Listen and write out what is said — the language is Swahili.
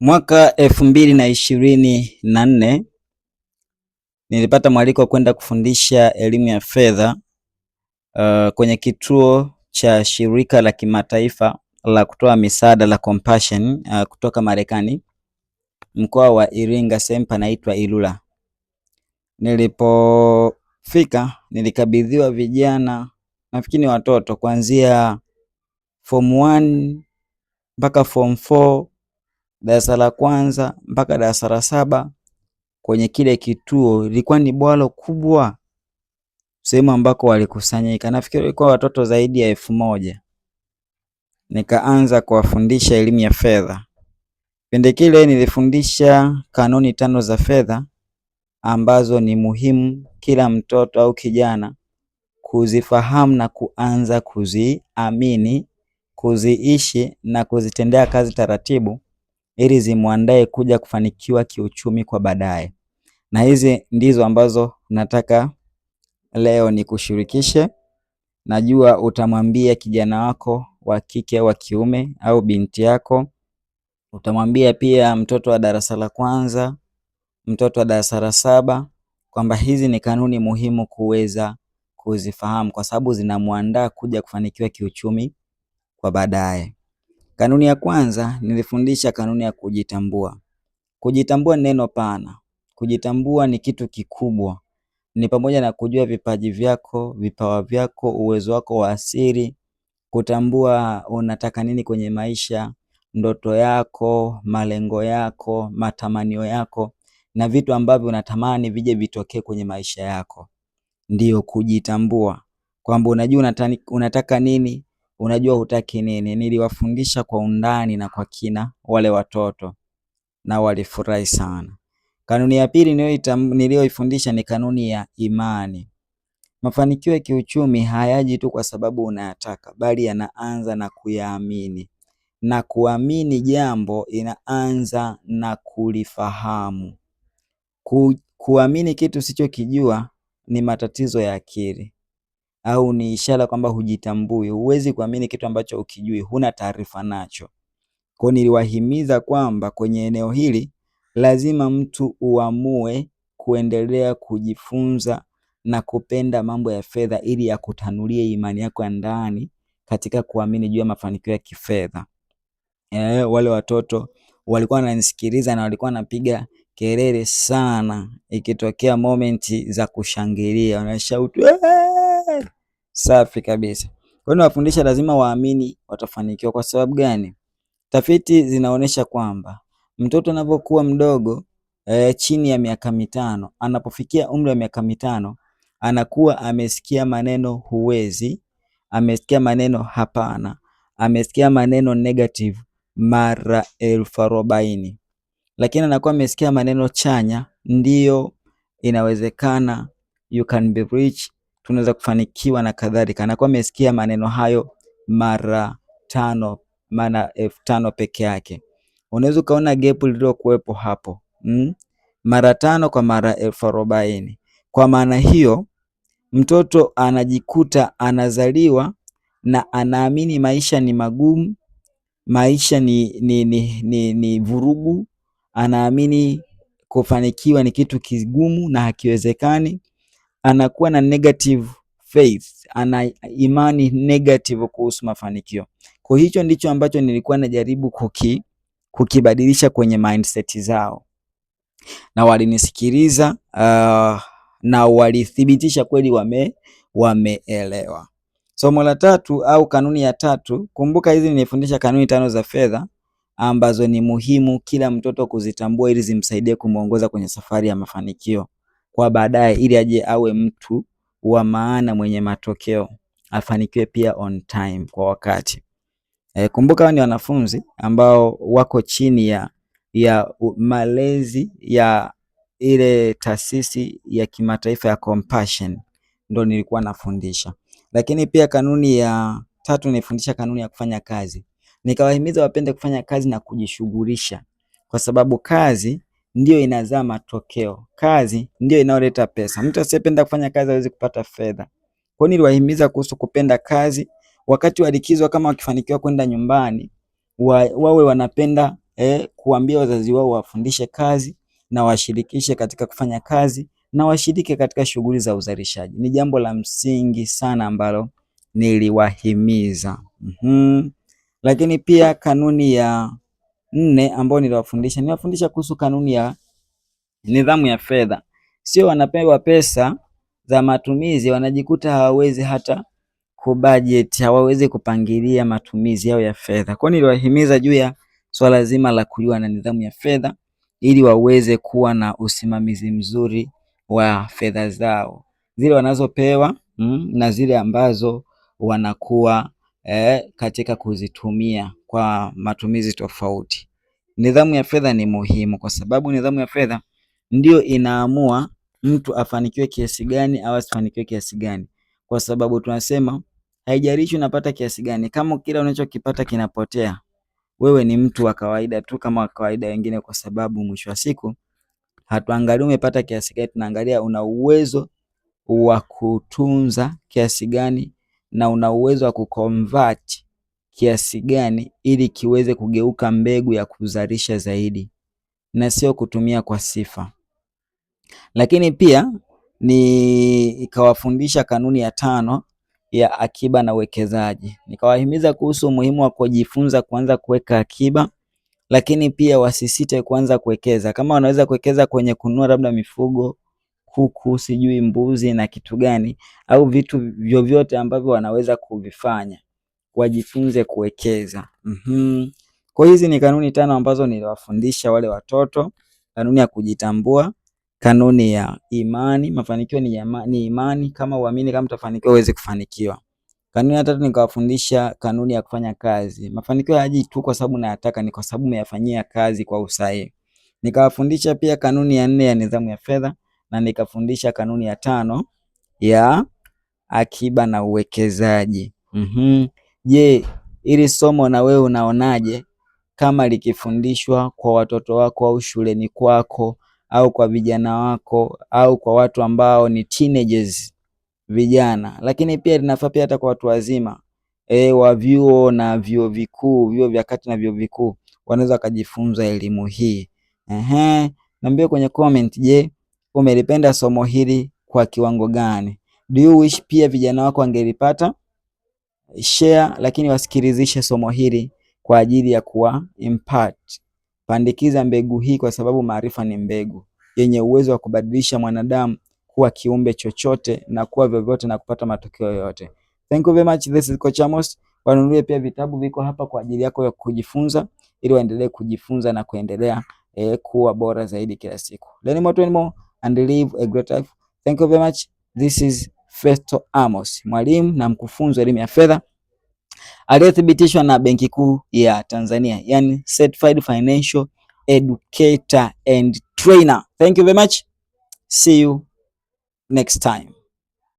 Mwaka elfu mbili na ishirini na nne nilipata mwaliko wa kwenda kufundisha elimu ya fedha uh, kwenye kituo cha shirika la kimataifa la kutoa misaada la Compassion uh, kutoka Marekani, mkoa wa Iringa, sehemu panaitwa Ilula. Nilipofika nilikabidhiwa vijana, nafikiri ni watoto kuanzia form 1 mpaka form 4 darasa la kwanza mpaka darasa la saba kwenye kile kituo ilikuwa ni bwalo kubwa, sehemu ambako walikusanyika. Nafikiri walikuwa watoto zaidi ya elfu moja. Nikaanza kuwafundisha elimu ya fedha. Kipindi kile nilifundisha kanuni tano za fedha ambazo ni muhimu kila mtoto au kijana kuzifahamu na kuanza kuziamini, kuziishi na kuzitendea kazi taratibu ili zimwandae kuja kufanikiwa kiuchumi kwa baadaye. Na hizi ndizo ambazo nataka leo nikushirikishe. Najua utamwambia kijana wako wa kike wa kiume au binti yako, utamwambia pia mtoto wa darasa la kwanza, mtoto wa darasa la saba kwamba hizi ni kanuni muhimu kuweza kuzifahamu kwa sababu zinamwandaa kuja kufanikiwa kiuchumi kwa baadaye. Kanuni ya kwanza nilifundisha kanuni ya kujitambua. Kujitambua ni neno pana. Kujitambua ni kitu kikubwa, ni pamoja na kujua vipaji vyako, vipawa vyako, uwezo wako wa asili, kutambua unataka nini kwenye maisha, ndoto yako, malengo yako, matamanio yako na vitu ambavyo unatamani vije vitokee kwenye maisha yako, ndiyo kujitambua, kwamba unajua unataka nini, unajua hutaki nini. Niliwafundisha kwa undani na kwa kina wale watoto na walifurahi sana. Kanuni ya pili niliyoifundisha ni kanuni ya imani. Mafanikio ya kiuchumi hayaji tu kwa sababu unayataka, bali yanaanza na kuyaamini, na kuamini jambo inaanza na kulifahamu. Ku, kuamini kitu usichokijua ni matatizo ya akili au ni ishara kwamba hujitambui, huwezi kuamini kitu ambacho ukijui, huna taarifa nacho. Kwa niliwahimiza kwamba kwenye eneo hili lazima mtu uamue kuendelea kujifunza na kupenda mambo ya fedha ili yakutanulie imani yako ya ndani katika kuamini juu ya mafanikio ya kifedha. E, wale watoto walikuwa wananisikiliza na walikuwa wanapiga kelele sana ikitokea momenti za kushangilia, wanashautu Safi kabisa. Kwa hiyo nawafundisha lazima waamini watafanikiwa. Kwa sababu gani? Tafiti zinaonyesha kwamba mtoto anapokuwa mdogo eh, chini ya miaka mitano, anapofikia umri wa miaka mitano anakuwa amesikia maneno huwezi, amesikia maneno hapana, amesikia maneno negative mara elfu arobaini, lakini anakuwa amesikia maneno chanya, ndiyo, inawezekana, you can be rich, tunaweza kufanikiwa na kadhalika. Na kwa amesikia maneno hayo mara tano, maana elfu tano peke yake unaweza ukaona gepu lililokuwepo hapo mm? mara tano kwa mara elfu arobaini. Kwa maana hiyo mtoto anajikuta anazaliwa na anaamini maisha ni magumu, maisha ni, ni, ni, ni, ni vurugu, anaamini kufanikiwa ni kitu kigumu na hakiwezekani anakuwa na negative faith, ana imani negative kuhusu mafanikio. Kwa hicho ndicho ambacho nilikuwa najaribu kuki, kukibadilisha kwenye mindset zao, na walinisikiliza uh, na walithibitisha kweli wame wameelewa. Somo la tatu au kanuni ya tatu, kumbuka hizi nimefundisha kanuni tano za fedha ambazo ni muhimu kila mtoto kuzitambua ili zimsaidie kumwongoza kwenye safari ya mafanikio kwa baadaye, ili aje awe mtu wa maana mwenye matokeo, afanikiwe pia on time, kwa wakati. E, kumbuka ni wanafunzi ambao wako chini ya, ya malezi ya ile taasisi ya kimataifa ya Compassion, ndo nilikuwa nafundisha. Lakini pia kanuni ya tatu nilifundisha kanuni ya kufanya kazi, nikawahimiza wapende kufanya kazi na kujishughulisha, kwa sababu kazi ndiyo inazaa matokeo. Kazi ndiyo inayoleta pesa. Mtu asiyependa kufanya kazi hawezi kupata fedha. Kwa hiyo niliwahimiza kuhusu kupenda kazi. Wakati wa likizo, kama wakifanikiwa kwenda nyumbani, wawe wanapenda eh, kuambia wazazi wao wafundishe kazi na washirikishe katika kufanya kazi na washirike katika shughuli za uzalishaji. Ni jambo la msingi sana ambalo niliwahimiza. Mm -hmm. Lakini pia kanuni ya nne ambao niliwafundisha, niliwafundisha kuhusu kanuni ya nidhamu ya fedha. Sio wanapewa pesa za matumizi wanajikuta hawawezi hata kubudget, hawawezi kupangilia matumizi yao ya fedha. Kwa hiyo niliwahimiza juu ya swala zima la kujua na nidhamu ya fedha ili waweze kuwa na usimamizi mzuri wa fedha zao zile wanazopewa mm, na zile ambazo wanakuwa eh, katika kuzitumia kwa matumizi tofauti. Nidhamu ya fedha ni muhimu kwa sababu nidhamu ya fedha ndio inaamua mtu afanikiwe kiasi gani au asifanikiwe kiasi gani, kwa sababu tunasema haijalishi unapata kiasi gani, kama kila unachokipata kinapotea, wewe ni mtu wa kawaida tu kama kawaida wengine, kwa sababu mwisho wa siku hatuangalii umepata kiasi gani, tunaangalia una uwezo wa kutunza kiasi gani na una uwezo wa kuconvert kiasi gani ili kiweze kugeuka mbegu ya kuzalisha zaidi na sio kutumia kwa sifa. Lakini pia ni ikawafundisha kanuni ya tano ya akiba na uwekezaji. Nikawahimiza kuhusu umuhimu wa kujifunza kuanza kuweka akiba, lakini pia wasisite kuanza kuwekeza. Kama wanaweza kuwekeza kwenye kununua labda mifugo, kuku, sijui mbuzi na kitu gani, au vitu vyovyote ambavyo wanaweza kuvifanya wajifunze kuwekeza. Mm-hmm. Kwa hizi ni kanuni tano ambazo niliwafundisha wale watoto: kanuni ya kujitambua, kanuni ya imani, mafanikio ni, yama, ni imani. Kama uamini kama utafanikiwa uweze kufanikiwa. Kanuni ya tatu nikawafundisha kanuni ya kufanya kazi. Mafanikio haji tu kwa sababu nayataka, ni kwa sababu umeyafanyia kazi kwa usahihi. Nikawafundisha pia kanuni ya nne ya nidhamu ya fedha na nikafundisha kanuni ya tano ya akiba na uwekezaji. Mm-hmm. Je, hili somo na wewe unaonaje kama likifundishwa kwa watoto wako au shuleni kwako au kwa vijana wako au kwa watu ambao ni teenagers vijana, lakini pia linafaa pia hata kwa watu wazima e, wa vyuo na vyuo vikuu, vyuo vya kati na vyuo vikuu wanaweza wakajifunza elimu hii. Ehe, niambie kwenye comment, je, umelipenda somo hili kwa kiwango gani? Do you wish pia vijana wako angelipata share, lakini wasikilizishe somo hili kwa ajili ya kuwa impart. Pandikiza mbegu hii, kwa sababu maarifa ni mbegu yenye uwezo wa kubadilisha mwanadamu kuwa kiumbe chochote na kuwa vyovyote na kupata matokeo yoyote. Thank you very much. This is Coach Amos. Wanunulie pia vitabu viko hapa kwa ajili yako ya kujifunza, ili waendelee kujifunza na kuendelea eh, kuwa bora zaidi kila siku. Learn more to more and live a great life. Thank you very much. This is Festo Amos, mwalimu na mkufunzi wa elimu ya fedha aliyethibitishwa na Benki Kuu ya Tanzania, yani certified financial educator and trainer. Thank you very much. See you next time.